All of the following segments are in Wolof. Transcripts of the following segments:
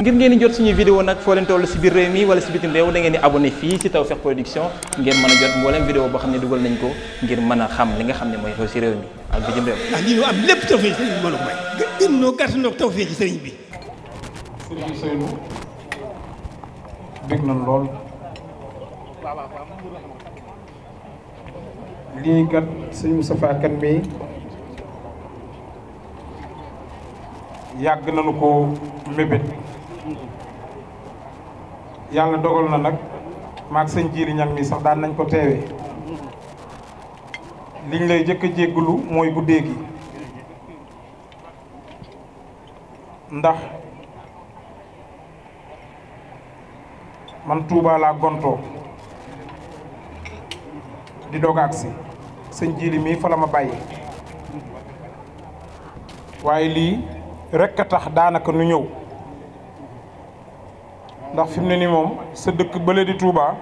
ngir ngeen jot suñu vidéo nag foo leen toll si biir réew mi wala si bitim réew da ngeen di abonné fii si Tawfekh Production ngeen mën a jot mboolem vidéo boo xam ne dugal nañ ko ngir mën a xam li nga xam ne mooy xew si réew mi ak bitim réew. ndax ah, lii ñu bi mën a may. gën noo gàtt noo na lool lii kat sëñ Moustapha mi yàgg nañu ko mébét. yàlla dogal na nag maag sëñ jiiri ñam mi sax daan nañ ko teewee liñ lay jëkk a jéggulu mooy guddee gi ndax man Touba laa gontoo di dogaag si sëñ jiili mii fa la ma bàyyi waaye lii rekk a tax daanaka nu ñëw ndax fi mu ne nii moom sa dëkk ba bële di Touba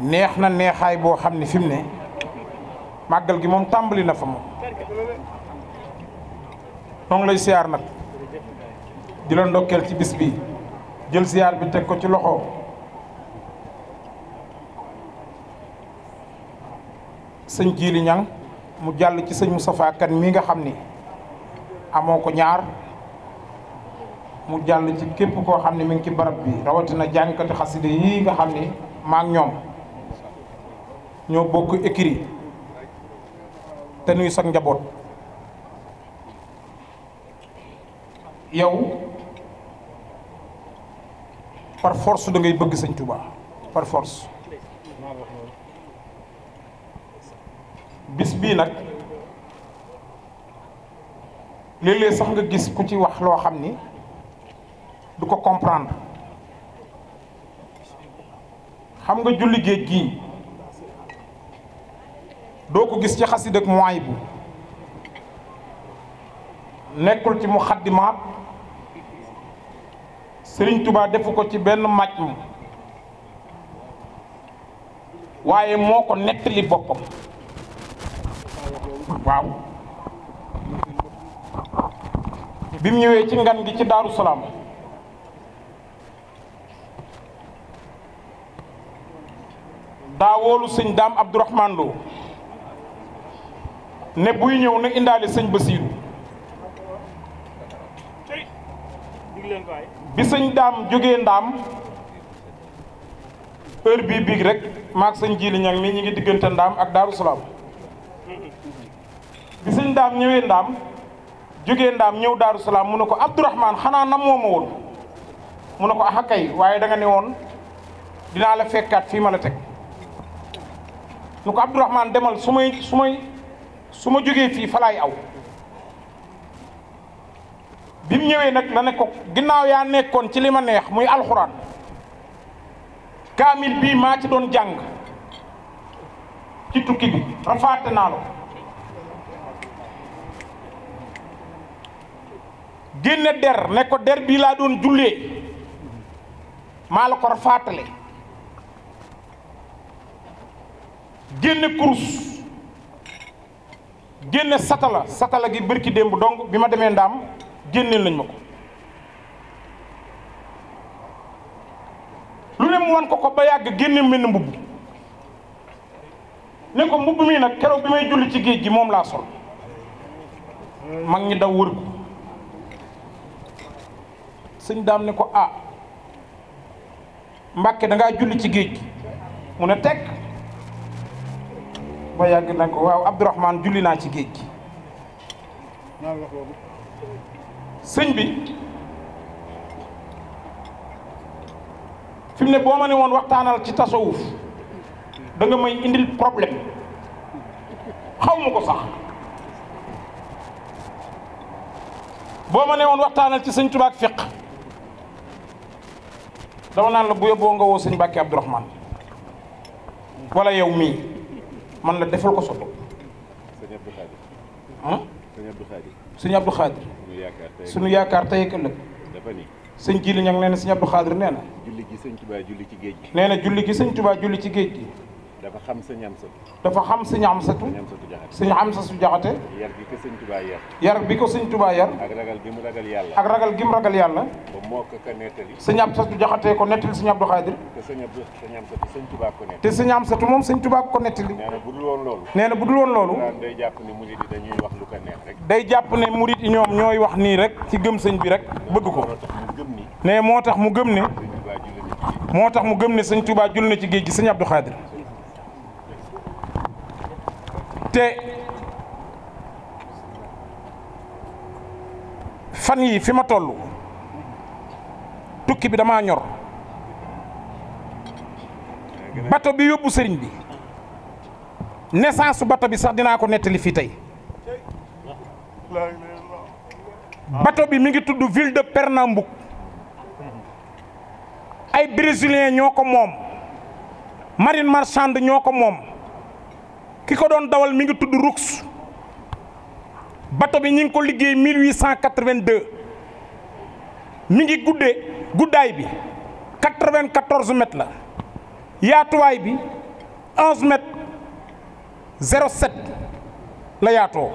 neex na neexaay boo xam ne fi mu ne màggal gi moom tàmbali na fa moom noo ngi lay siyaar nag di la ci bis bi jël siyaar bi teg ko ci loxo sëñ Jili Ñang mu jàll ci sëñ Moustapha Kane mii nga xam ni amoo ko ñaar mu jàll ci képp koo xam ne mi ngi ci barab bi rawatina jàngkati xasida yii nga xam ne maak ñoom ñoo bokk écrit te nuy sag njaboot yow par force da ngay bëgg sëñ Touba par bis bii nag léeg-léeg sax nga gis ku ci wax loo xam ni du ko comprendre xam nga julli géej gii doo ko gis ci xasida ak mooy bu nekkul ci mu xaddimaat Sëriñ Tuubaa defu ko ci benn màcc mu waaye moo ko nettali boppam waaw bi mu ñëwee ci ngan gi ci Daaru Salaam daa woolu sëñ daam Abdourahman Lo ne buy ñëw na indaale sëñ Basiiru bi sëñ daam jóge ndaam heure bii biig rek maag sëñ Jili Ñang mi ñu ngi diggante ndaam ak Daaru bi sëñ daam ñëwee ndaam jógee ndaam ñëw Daaru Salaam mu ne ko Abdourahman xanaa na moo ma woon mu ne ko ah kay waaye danga ne woon dinaa la fekkaat fii ma la teg ñu ko Abdourahmane demal su may su may su ma jógee fii falaay aw bi mu ñëwee nag la ne ko ginnaaw yaa nekkoon ci li ma neex muy alxuraan kaamil bii maa ci doon jàng ci tukki bi rafaate naa la génne der ne der bii laa doon jullee maa la ko rafaatale génne kurus génne satala satala gi bërki démb dong bi ma demee ndaam génneel nañ ma ko lu ne wan ko ko ba yàgg génne mel mbubb ne ko mbubb mii nag keroog bi may julli ci géej gi moom laa sol mag ñi daw wër ko sëñ daam ne ko ah Mbàkke dangaa julli ci géej gi mu ne teg ba yàgg na ko waaw Abdourahman julli naa ci géej gi sëñ bi fi mu ne boo ma ne woon waxtaanal ci tasawuf da nga may indil problème xaw ma ko sax boo ma ne woon waxtaanal ci sëñ Tuubaa ak dama naan la bu yóbboo nga woo sëñ Mbàkke Abdourahman wala yow mii man la defal ko sa bopp ah sëñ Abdou Xaadir suñu yaakaar tey ak ëllëg sëñ Jili ña ngi nee na sëñ Abdou Xaadir nee na julli gi sëñ Tubaa julli ci géej gi nee na julli gi sëñ Tubaa julli ci géej gi dafa xam sëñ Amsatu dafa xam sa Amsatu sëñ Amsatu Jaxate yar bi ko sëñ Tuubaa yar bi ko sëñ Tuubaa yar ak ragal gi mu ragal yàlla ak ragal gi mu ragal ko ko nettali sëñ Amsatu Jaxate ko nettali sëñ Abdou Xaadir te sëñ Abdou moom sëñ Tuubaa ko nettali nee bu dul woon loolu nee na bu dul woon loolu day jàpp ne murid yi dañuy wax rek day jàpp ne murid ñoom ñooy wax nii rek ci gëm sëñ bi rek bëgg ko ne moo tax mu gëm ne moo tax mu gëm ne sëñ Tuubaa jul na ci géej gi sëñ Abdou Xaadir te fan yi fi ma toll tukki bi damaa ñor bato bi yóbbu sëriñ bi naissance bato bi sax dinaa ko nettali fii tey bato bi mu ngi tudd ville de Pernambouc ay brésilien ñoo ko moom marine marchande ñoo ko moom ki ko doon dawal mi ngi tudd Roux bato bi ñu ngi ko liggéey 1882 mi ngi guddee guddaay bi 94 mètres la yaatuwaay bi 11 mètres 07 la yaatoo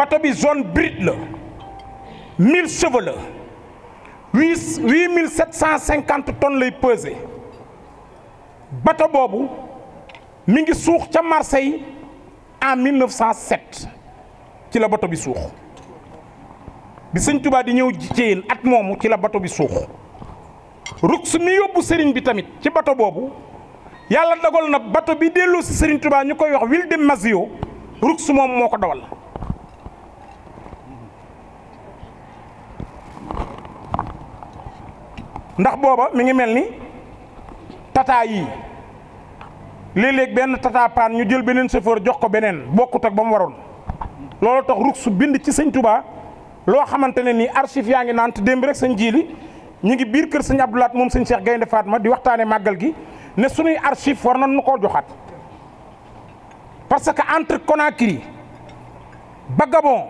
bato bi zone brute la 1000 chevaux la 8 8750 tonnes lay peser bato boobu. mi ngi suux ca Marseille en 1907 ci la bato bi suux bi sëñ tubaa di ñëw jéyeen at moomu ci la bato bi suux ruks mi yóbbu sëriñ bi tamit ci bato boobu yàlla dogal na bato bi delloo si sëriñ Touba ñu koy wax Ville de Mazio moom moo ko dawal ndax booba mi ngi mel ni tata yi léeg benn tatapaan ñu jël beneen chauffeur jox ko beneen bokkut ak ba mu waroon loolu tax ruk su bind ci sëñ Touba loo xamante ne nii archive yaa ngi naan te démb rek sëñ jiili ñu ngi biir kër sëñ Abdoulaat moom sëñ Cheikh Gaynde faat ma di waxtaane màggal gi ne suñuy archive war nañu ko joxaat parce que entre Conakry ba Gabon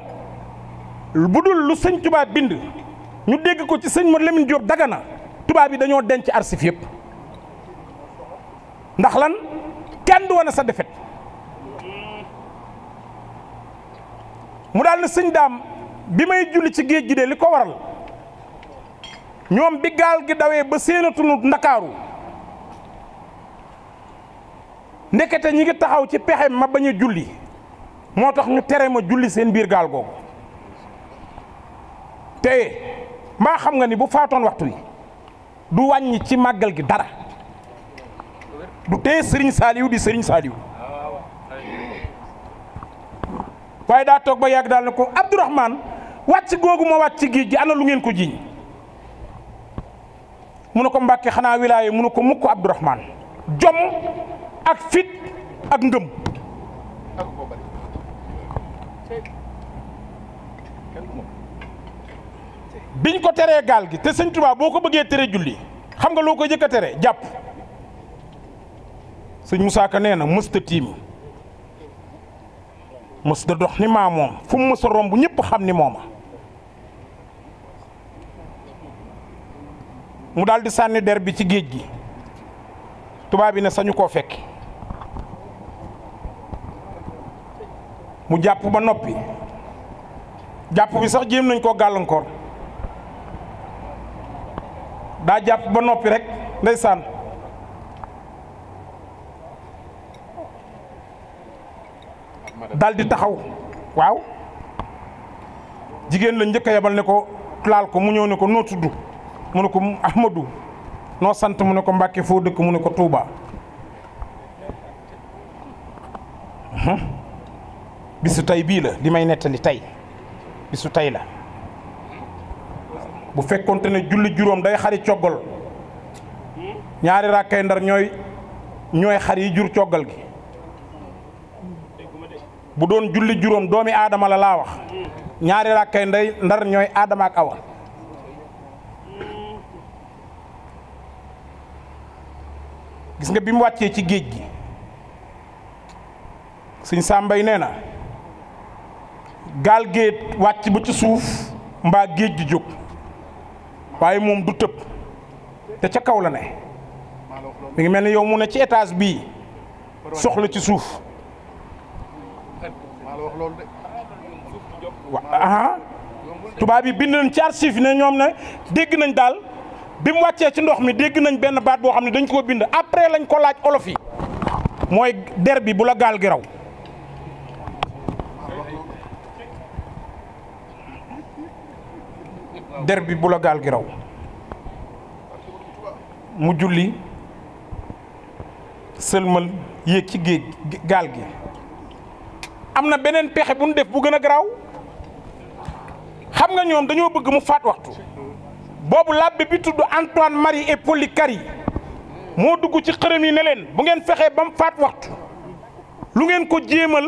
bu dul lu sëñ Touba bind ñu dégg ko ci sëñ Mor Lamine Diop Dagana tubaab yi dañoo denc arsif yëpp ndax lan kenn du wane sa defet mu daal ne sëñ daam bi may julli ci géej gi de li ko waral ñoom bi gaal gi dawee ba séenatunu ndakaaru ndekete ñi ngi taxaw ci pexe ma bañ a julli moo tax ñu tere ma julli seen biir gaal googu te mbaa xam nga ni bu faatoon waxtu wi du wàññi ci màggal gi dara du tee sëriñ Saliou di Serigne Saliou waaye daa toog ba yàgg daal ne ko Abdourahmane wàcc googu ma wàcc géej gi ana lu ngeen ko jiñ mu ne ko Mbàkke xanaa wilaaye mu ne ko mukk Abdourahmane jom ak fit ak ngëm biñ ko teree gaal gi te sëñ Tuubaa boo ko bëggee tere julli xam nga loo ko jëkk a tere jàpp sëñ Moussa Ka nee na mësta tiim mësta dox ni maa moom fu mësa romb ñëpp xam ni mooma mu daldi sànni der bi ci géej gi tubaab yi ne sañu koo fekk mu jàpp ba noppi jàpp bi sax jéem nañ koo gàllankoor daa jàpp ba noppi rek ndeysaan daal di taxaw waaw jigéen la njëkk a yebal ne ko laal ko mu ñëw ne ko noo mu ne ko Ahmadou noo sant mu ne ko Mbàkke foo dëkk mu ne ko tuubaa bisu tey bii la di may nettali tey bisu tey la bu fekkonte ne julli juróom day xari coggal ñaari rakkay ndar ñooy ñooy xar yi jur coggal gi. bu doon julli juróom doomi aadama la laa wax ñaari rakkay ndey ndar ñooy aadama ak awa gis nga bi mu wàccee ci géej gi sëñ sàmbay nee na gaal géej wàcc ba ci suuf mbaa géej gi jóg waaye moom du tëb te ca kaw la ne mu ngi mel ni yow mu ne ci étage bii soxla ci suuf ah tubaab yi bind nañ ci archive ne ñoom ne dégg nañ daal bi mu wàccee ci ndox mi dégg nañ benn baat boo xam ne dañ koo bind après lañ ko laaj olof yi mooy der bi bu la gi raw. der bi bu la gaal gi raw mu julli sëlmal yéeg ci géej gaal gi. am na beneen pexe bu ñu def bu gën a garaaw xam nga ñoom dañoo bëgg mu faat waxtu boobu làbbe bi tudd Antoine Marie et moo dugg ci xërëm yi ne bu ngeen fexee ba mu faat waxtu lu ngeen ko jéemal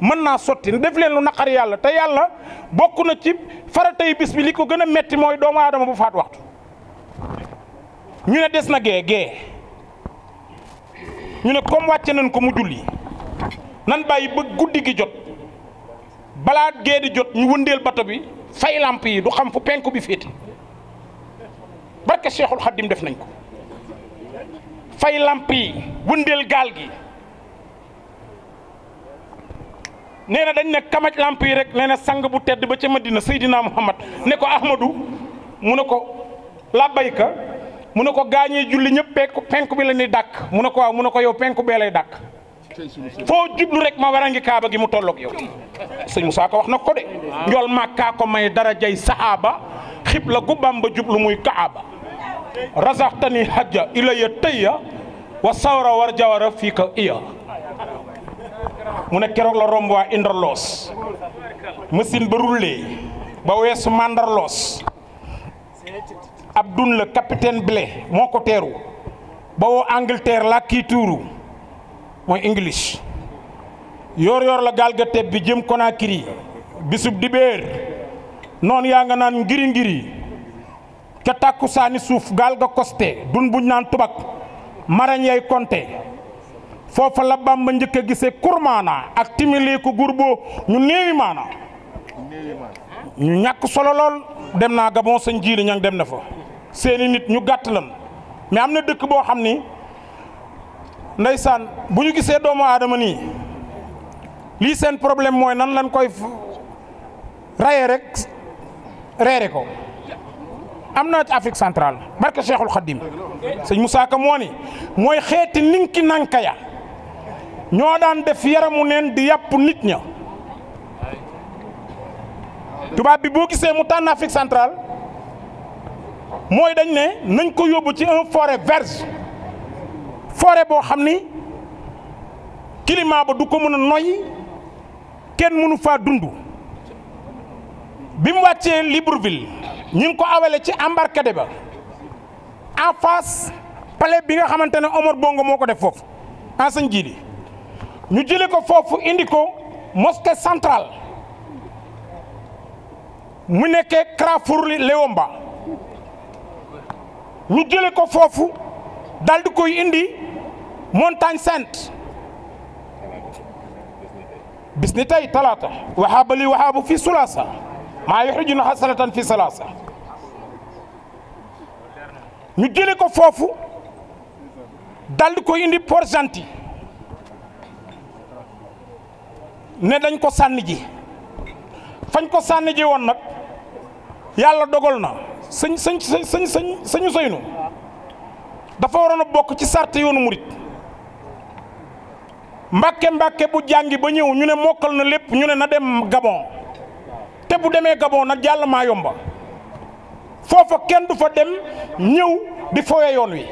mën naa sotti def leen lu naqar yàlla te yàlla bokk na ci faratay bis bi li ko gën a metti mooy doomu aadama bu faat waxtu ñu ne des na gee gee ñu ne comme wàcce nañ ko mu julli nan bàyyi ba guddi gi jot balaa gée di jot ñu wëndeel bato bi fay làmp yi du xam fu penku bi féete barke Seexul Xaddim def nañ ko fay làmp yi wëndeel gaal gi nee na dañ ne kamaj làmp yi rek nee na sang bu tedd ba ca Madina Seydina Muhammad ne ko Ahmadou mu ne ko labbayka mu ne ko gaañee julli ñëpp penku penku bi la ñuy dàkk mu ne ko waaw mu ne ko yow penku bee lay dàkk foo jublu rek ma warangi kaaba gi mu tolloog yow sëñ Moussa ko wax na ko de njool màkkaa ko may darajay sahaaba xibla gu Bamba jublu muy kaaba razaxtani hajja ilaya tayya wa sawra war jawara fii ka iya mu ne keroog la romb waa Indorloos machine ba rulle ba weesu Mandarloos Abdoun la capitaine Blé moo ko teeru ba woo Angleterre laa kii tuuru mooy english yoor yoor la gaal ga teb bi jëm Conakry bisub dibéer noon yaa nga naan ngiri ngiri ca tàkku saani suuf gaal ga koste dun buñ naan tubak marañ yay konte foofa la Bàmba njëkk a gisee kurmaana ak timileeku gurbo ñu néewi maana ñu ñàkk solo lool dem naa Gabon sëñ jiili ñang dem na fa seeni nit ñu gàtt lan mais am na dëkk boo xam ni ndeysaan bu ñu gisee doomu aadama nii lii seen problème mooy nan lañ koy raye rek reere ko am na ci Afrique centrale barke Cheikhul Khadim sëñ Moussa Ka moo ni mooy xeeti ninki nanka ya ñoo daan def yaramu neen di yàpp nit ña tubaab bi boo gisee mu tànn Afrique centrale mooy dañ ne nañ ko yóbbu ci un forêt vierge foore boo xam ni climat ba du ko mën a noyyi kenn mënu faa dundu bi mu wàccee Libreville ñu ngi ko awale ci embarcadé ba en face palais bi nga xamante ne Omar Bongo moo ko def foofu enseigne jili ñu jële ko foofu indi ko mosquée centrale mu nekkee Carrefour Léomba ñu jële ko foofu daldi di koy indi montagne sainte bis ni tey talaata waxaaba li waxaabu fi sulaasa maa yuxrijuna xasanatan fi salaasa ñu jële ko foofu daldi ko indi Port Gentil ne dañ ko sànni ji fañ ko sànni woon nag yàlla dogal na sëñ sëñ sëñ sëñ sëñu sëynu dafa waroon a bokk ci sart yoonu murit mbàkke mbàkke bu jàngi ba ñëw ñu ne mokkal na lépp ñu ne na dem Gabon te bu demee Gabon nag jàll maa yomba foofa kenn du fa dem ñëw di fowe yoon wi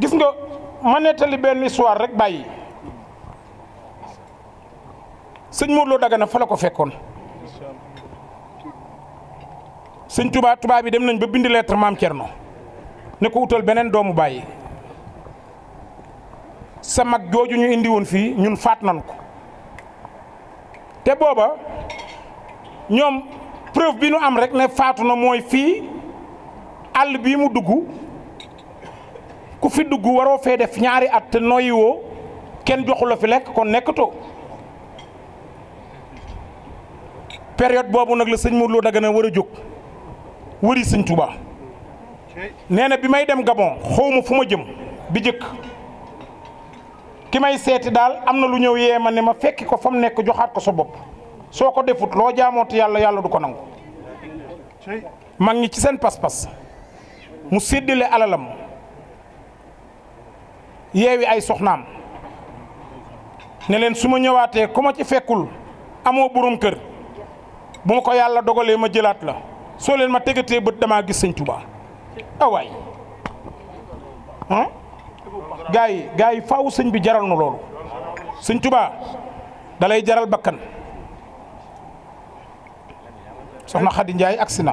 gis nga ma nettali benn histoire rek bàyyi sëñ Modou Lo Dagana fa la ko fekkoon sëñ tubaab Touba bi dem nañ ba bind lettre maam no ne ko utal beneen doomu bàyyi sa mag jooju ñu indi woon fii ñun faat nañ ko te booba ñoom preuve bi ñu am rek ne faatu na mooy fii àll bii mu dugg ku fi dugg waroo fee def ñaari at te noyyiwoo kenn joxu la fi lekk kon nekkatoo période boobu nag la sëñ Modou Lo Dagana war a jóg wëri sëñ Touba nee na bi may dem Gabon xawma fu ma jëm bi jëkk ki may seeti daal am na lu ñëw yee ma ne ma fekki ko fa mu nekk joxaat ko sa bopp soo ko defut loo jaamooti yàlla yàlla du ko nangu mag ñi ci seen pas-pas mu séddale alalam yeewi ay soxnaam ne leen su ma ñëwaatee ku ma ci fekkul amoo borom kër bu ma ko yàlla dogalee ma jëlaat la soo leen ma tegatee bët damaa gis sëñ Tuubaa awaay gaa yi gaa yi faaw sëñ bi jaral na loolu sëñ tubaa da jaral bakkan soxna Xadi Njaay agsi na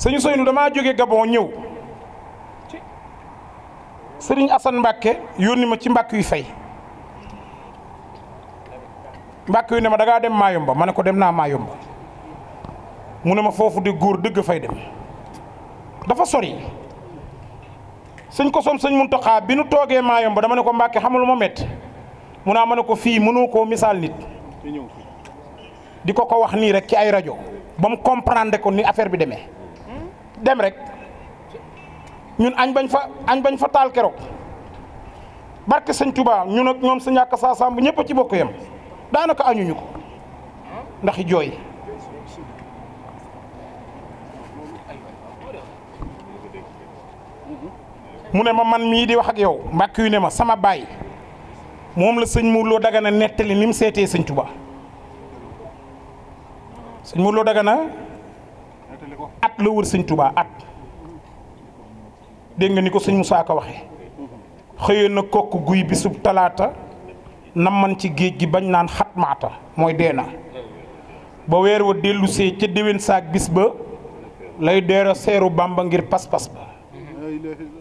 sëñ Seynu damaa jóge Gabon ñëw sëriñ Asan Mbàkke yónni ma ci mbàkk yu fay mbàkk yu ne ma da ngaa dem Maayomba ma ne ko dem naa Maayomba mu ne ma foofu di góor dëgg fay dem dafa sori sëñ ko som sëñ Muntaxa bi nu toogee maayom ba dama ne ko Mbàkke xamul ma métti mu naa ma ne ko fii mënoo koo misaal nit di ko ko wax nii rek ci ay rajo ba mu comprendre ko ni affaire bi demee dem rek ñun añ bañ fa añ bañ fa taal keroog barke sëñ Touba ñun a ñoom sa ñàkk saasaam bu ñëpp a ci bokk yam daanaka añuñu ko ndax jooy mu ne ma man mii di wax ak yow mbàkk yu ne ma sama baay moom la sëñ Mourlo Dagana nettali ni mu seetee sëñ Touba sëñ Mourlo Dagana at la wër sëñ Touba at dégg nga ni ko sëñ Moussa ko waxe xëyoon na kokk guy bisub talaata nam man ci géej gi bañ naan xatmaata mooy deena ba weer wa dellusee ca déwén saak bis ba lay deera seeru Bàmba ngir pas-pas ba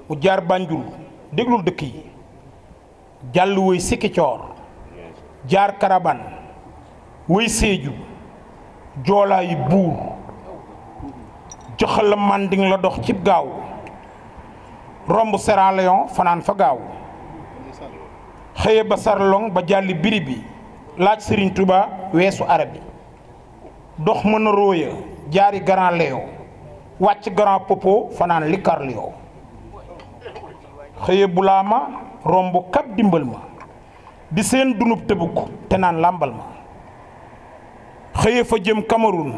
mu jaar Banjul déglul dëkk yi jàll woy Sikicoor jaar Karaban woy Séeju joolaayu buur joxal la manding la dox cib gaaw romb Sierra Leone fanaan fa gaaw xëye ba sarlong ba jàlli biri bi laaj Serigne Touba weesu arabi dox mën a róoya jaari Grand wàcc Grand fanaan likarlio xëye bulaama romb kap dimbal ma di seen dunub tëbuk te naan làmbal ma xëye fa jëm Cameroun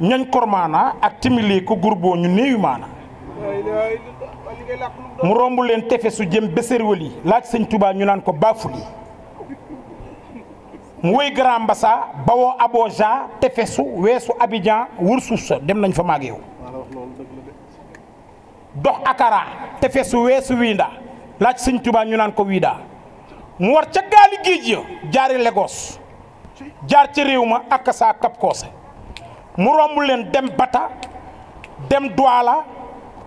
ñañ kormaana ak timili ko gurboo ñu néewi maana mu romb leen tefe su jëm béséréwali laaj sëñ Tuubaa ñu naan ko baafuli mu wéy Grand bawoo Aboja tefesu weesu Abidjan wër suuf sa dem nañ fa maag dox akara te fesu weesu wiinda laaj sëñ Tuubaa ñu naan ko wiida mu war ca gaali géej ya jaari Lagos jaar ci réew ma ak saa Cap Koosé mu romb leen dem Bata dem Douala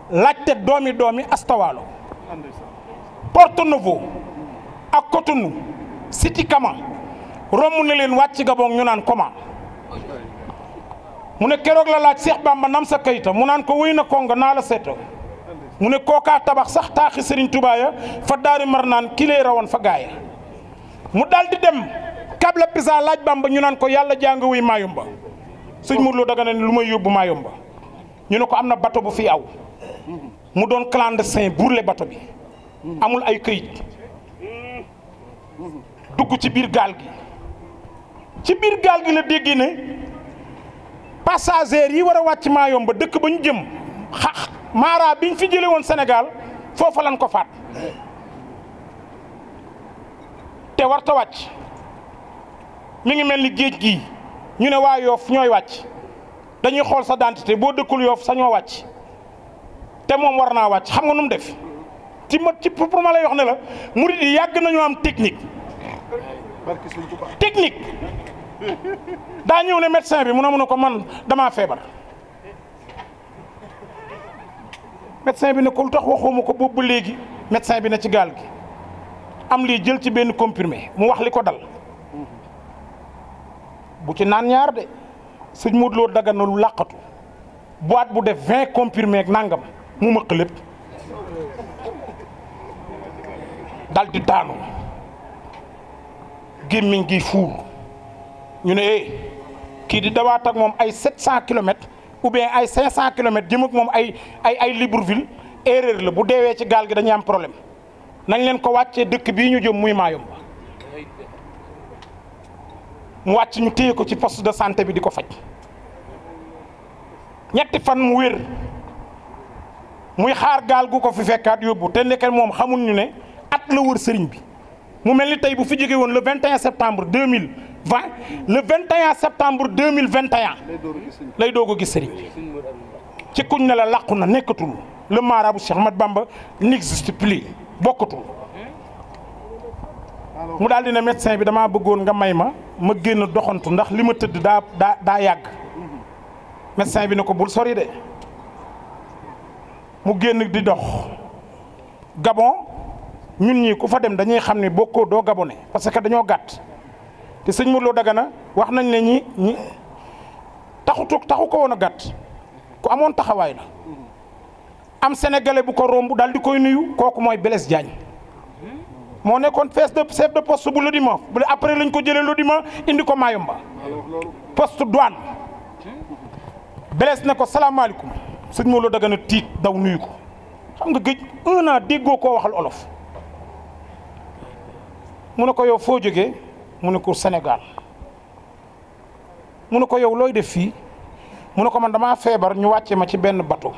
laajte doomi doomi astawaalo Porto Novo ak Cotonou Siti Kama romb na leen wàcc Gabon ñu naan Koma mu ne keroog la laaj Seex Bamba nam sa kayita mu naan ko wéy na Congo naa la seto mu ne kookaa tabax sax taaxi Serigne Touba fa daari mar naan kii rawoon fa gaaya mu daal di dem Kabla Pisa laaj Bamba ñu naan ko yàlla jàng wuy Mayumba sëñ Mourlo daga ne lu may yóbbu Mayumba ñu ne ko am na bato bu fi aw mu doon clandestin burle bato bi amul ay këyit dugg ci biir gaal gi ci biir gaal gi la dégg ne passagers yi war a wàcc ba dëkk ba ñu jëm. xa maara biñ fi jëlee woon Sénégal foofa lañ ko faat te war wàcc mi ngi mel ni géej gii ñu ne waa yoof ñooy wàcc dañuy xool sa dentité boo dëkkul yoof sa ñoo wàcc te moom war naa wàcc xam nga nu def ci ma ci pour ma lay wax ne la murid yi yàgg nañoo am technique technique daa ñëw ne médecin bi mu ne mun ne ko man damaa feebar médecin bi ne ko lu tax waxuma ko boobu ba léegi médecin bi ne ci gaal gi am lii jël ci benn comprimé mu wax li ko dal bu ci naan ñaar de sëñ Modou Lo daga na lu làqatu boîte bu def vingt comprimé ak nangam mu mëq lépp dal di daanu gémmiñ gi fuur ñu ne eh kii di dawaat ak moom ay sept cent kilomètres. ou bien ay 500 kilomètres jëm ak moom ay ay ay Libreville erreur la bu deewee ci gaal gi dañuy am problème nañ leen ko wàccee dëkk bii ñu jëm muy Mayumba mu wàcc ñu téye ko ci poste de santé bi di ko faj ñetti fan mu wér muy xaar gaal gu ko fi fekkaat yóbbu te ndeke moom xamul ñu ne at la wër sëriñ bi mu mel ni tey bu fi jóge woon le 21 septembre 2000. vingt le 21 septembre 2021 lay doog a gis sëriñ bi ci kuñ ne la làqu na nekkatul le marabout Cheikh Ahmad Bamba n'existe plus bokkatul mu daal di ne médecin bi damaa bëggoon nga may ma ma génn doxantu ndax li ma tëdd daa daa daa yàgg médecin bi ne ko bul sori de mu génn di dox Gabon ñun ñii ku fa dem dañuy xam ne bokkoo doo Gabonais parce que dañoo gàtt te sëñ Modou Lo Dagana wax nañ ne ñi ñi taxu taxu ko woon a gàtt ku amoon taxawaay la am sénégalais bu ko romb daal di koy nuyu kooku mooy Blaise Diagne moo nekkoon fees de chef de poste bu Lodima bu après lañ ko jëlee Lodima indi ko Mayumba poste douane Blaise ne ko salaamaaleykum sëñ Modou Lo Dagana tiit daw nuyu ko xam nga géej un an déggoo koo waxal olof mu ne ko yow foo jóge mu ne ko Sénégal mu ne ko yow looy def fii mu ne ko man damaa feebar ñu wàcce ma ci benn bateau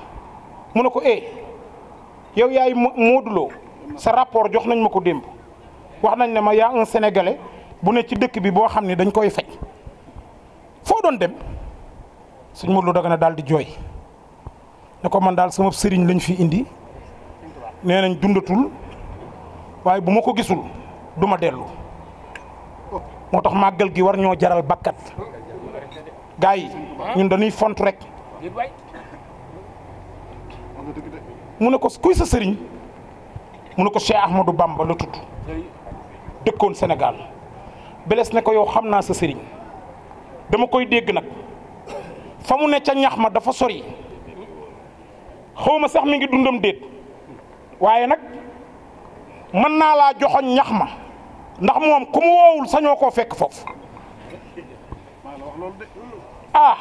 mu ne ko eh yow yaay mooduloo sa rapport jox nañ ma ko démb wax nañ ne ma yaa un sénégalais bu ne ci dëkk bi boo xam ne dañ koy faj foo doon dem suñ Modou Dagana daal di jooy ne ko man daal sama sëriñ lañ fi indi nee nañ dundatul waaye bu ma ko gisul du ma dellu. moo tax màggal gi war ñoo jaral bakkat gars yi ñun dañuy font rek mu ne ko kuy sa sëriñ mu ne ko Cheikh Ahmadou Bamba la tudd dëkkoon Sénégal Blaise ne ko yow xam naa sa sëriñ dama koy dégg nag fa mu ne ca ñax ma dafa sori xaw sax mi ngi dundam déet waaye nag mën naa laa joxoñ ñax ma ndax moom ku mu woowul sañoo koo fekk foofu ah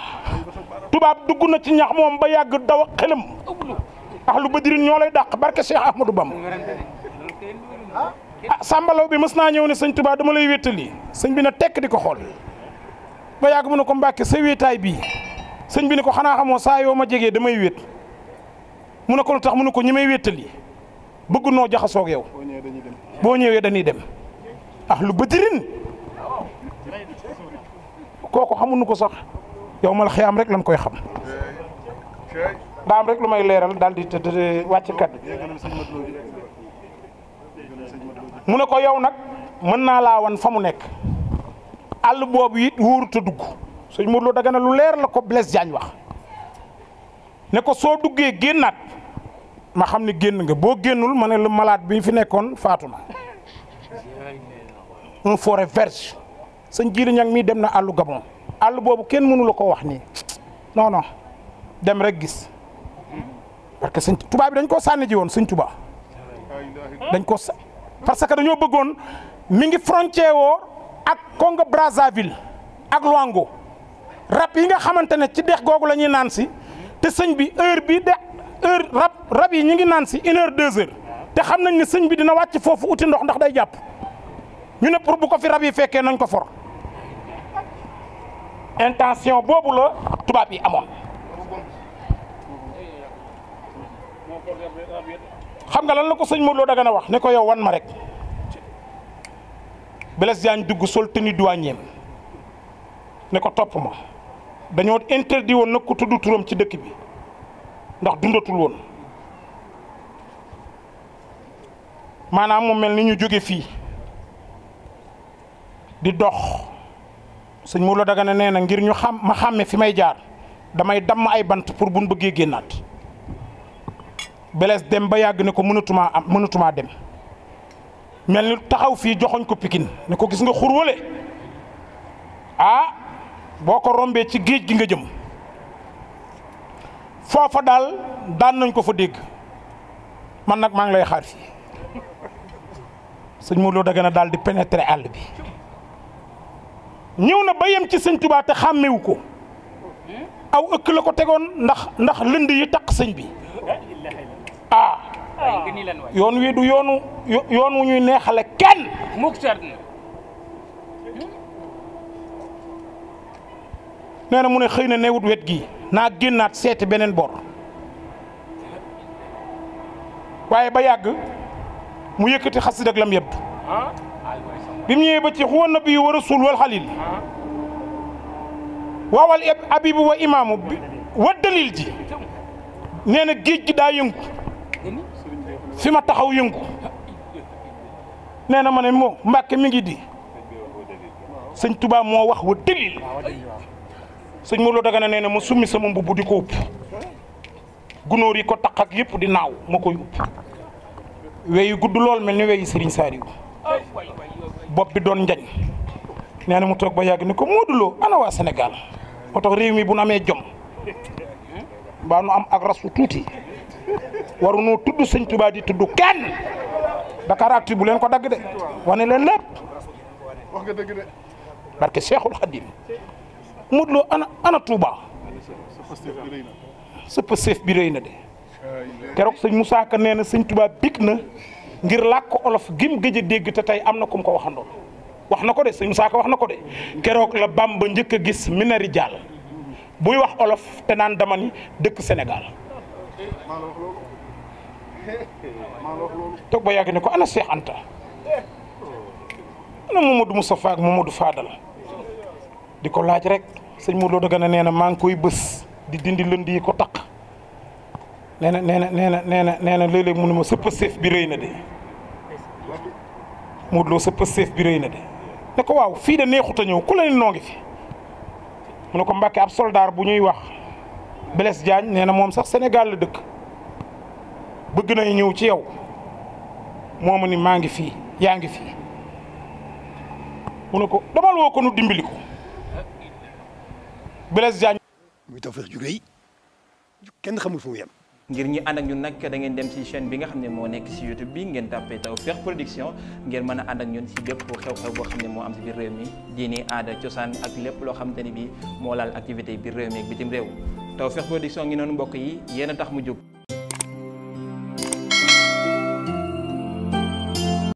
tubaab dugg na ci ñax moom ba yàgg daw ak xelam ax ah, lu badirin ñoo lay dàq barke Cheikh Ahmadou Bam ah sàmbalaw bi mës naa ñëw ne sëñ Tuubaa dama lay wéttali sëñ bi na tekk di ko xool ba yàgg mu ne ko mbàkke sa wéetaay bii sëñ bi ne ko xanaa xamoo saa yoo ma jegee damay wét mu ne ko lu tax mu ne ko ñi may wéttali bëgg noo jaxasoog yow boo ñëwee dañuy dem lu badrin kooku xamuñu ko sax yow mal xiyaam rek lañ koy xam daam rek lu may leeral daal di tëdd wàcc kaddu mu ne ko yow nag mën naa laa wan fa mu nekk àll boobu it wóorut dugg sëñ Modou Lo daga ne lu leer la ko bles Diagne wax ne ko soo duggee génnaat ma xam ne génn nga boo génnul ma ne la malaat bi fi nekkoon faatu na un forêt vierge sëñ Jili Ñang mii dem na àllu Gabon àll boobu kenn mënula koo wax nii non non dem rek gis parce que sëñ Tuubaa bi dañ koo sànni ji woon sëñ Tuubaa dañ ko parce que dañoo bëggoon mi ngi frontière woo ak Congo Brazzaville ak Luango rab yi nga xamante ne ci dex googu lañuy naan si te sëñ bi heure bii de heure rab rab yi ñu ngi naan si une heure deux te xam nañ ne sëñ bi dina wàcc foofu uti ndox ndax day jàpp. ñu ne pour bu ko fi rab yi fekkee nañ ko for intention boobu la tubaab yi amoon xam nga lan la ko sëñ Modou Lo da a wax ne ko yow wan ma rek Blaise Diagne dugg sol tenue douanier ne ko topp ma dañoo interdit woon nag ku tudd ci dëkk bi ndax dundatul woon maanaam mu mel ni ñu jóge fii di dox sëñ Mourlo Dagana nee na ngir ñu xam ma xàmme fi may jaar damay damm ay bant pour buñ bëggee génnaat belees dem ba yàgg ne ko mënatumaa am mënatumaa dem mel ni taxaw fii joxoñ ko pikin ne ko gis nga xur wale ah boo ko rombee ci géej gi nga jëm foofa daal daan nañ ko fa dégg man nag maa ngi lay xaar fii sëñ Mourlo Dagana daal di pénétrer àll bi ñëw na ba yem ci sëñ Tuubaa te xàmmewu ko aw ëkk la ko tegoon ndax ndax lënd yi taq sëñ bi ah yoon wi du yoonu yoon wu ñuy neexale kenn nee na mu ne xëy na neewut wet gi naa génnaat seete beneen bor waaye ba yàgg mu yëkkati xasida ak lam yëpp bi mu ñëwee ba ci xuwa nabi wa rasul wal xalil waawal abibu wa imaamu wa dalil ji nee na géej gi daa yëngu fi ma taxaw yëngu nee na ma ne moo Mbàkke mi ngi di sëñ tubaab moo wax wa dalil sëñ Modou Dagana nee na ma summi sama mbubb di ko upp gunóor yi ko taq ak yëpp di naaw ma koy upp weyu gudd lool mel ni weyu Sëriñ Saaliw bopp bi doon njañ nee na mu toog ba yàgg ni ko Modou Lo ana waa Sénégal moo tax réew mi bu nu amee jom mbaa nu am ak rasu tuuti waru noo tudd sëñ Tuubaa di tudd kenn Dakaractu bu leen ko dagg de wane leen lépp wax nga dëgg de barke Seexul Xadim Modou ana ana Touba sëpp seef bi rëy na de keroog sëñ Moussa Ka nee na sëñ Tuubaa big na ngir làkk olof gim gëj dégg te tey am na ku ko waxandoo wax na ko de sëñ Musaa wax na ko de keroog la ba njëkk a gis minari jàll buy wax olof te naan dama dëkk Sénégal toog ba yàgg ne ko ana Seex Anta ana Mamadou Moustapha ak Mamadou Fadal di ko laaj rek sëñ Modou Lo Dagana nee na maa ngi koy bës di dindi lënd yi ko taq nee na nee na nee na nee na nee na léeg-léeg mu bi rëy na de Modou Lo sa pësteef bi rëy na de ne ko waaw fii ne neexut a ñëw ku leen noo ngi fi mu ne ko Mbàkke ab soldaar bu ñuy wax Blaise jaañ nee na moom sax Sénégal la dëkk bëgg nañ ñëw ci yow moo ma ni maa ngi fii yaa ngi fi mu ne ko damal woo ko nu dimbali ko Blaise kenn xamul fu mu ngir ñi ànd ak ñun nag da ngeen dem ci chaîne bi nga xam ne moo nekk si YouTube bi ngeen tàppee Tawfekh Production ngeen mën a ànd ak ñun si bépp xew-xew boo xam ne moo am si biir réew mi diini aada cosaan ak lépp loo xamante ni bi moo laal activité biir réew mi ak bitim réew Tawfekh Production ngi noonu mbokk yi yéen a tax mu jóg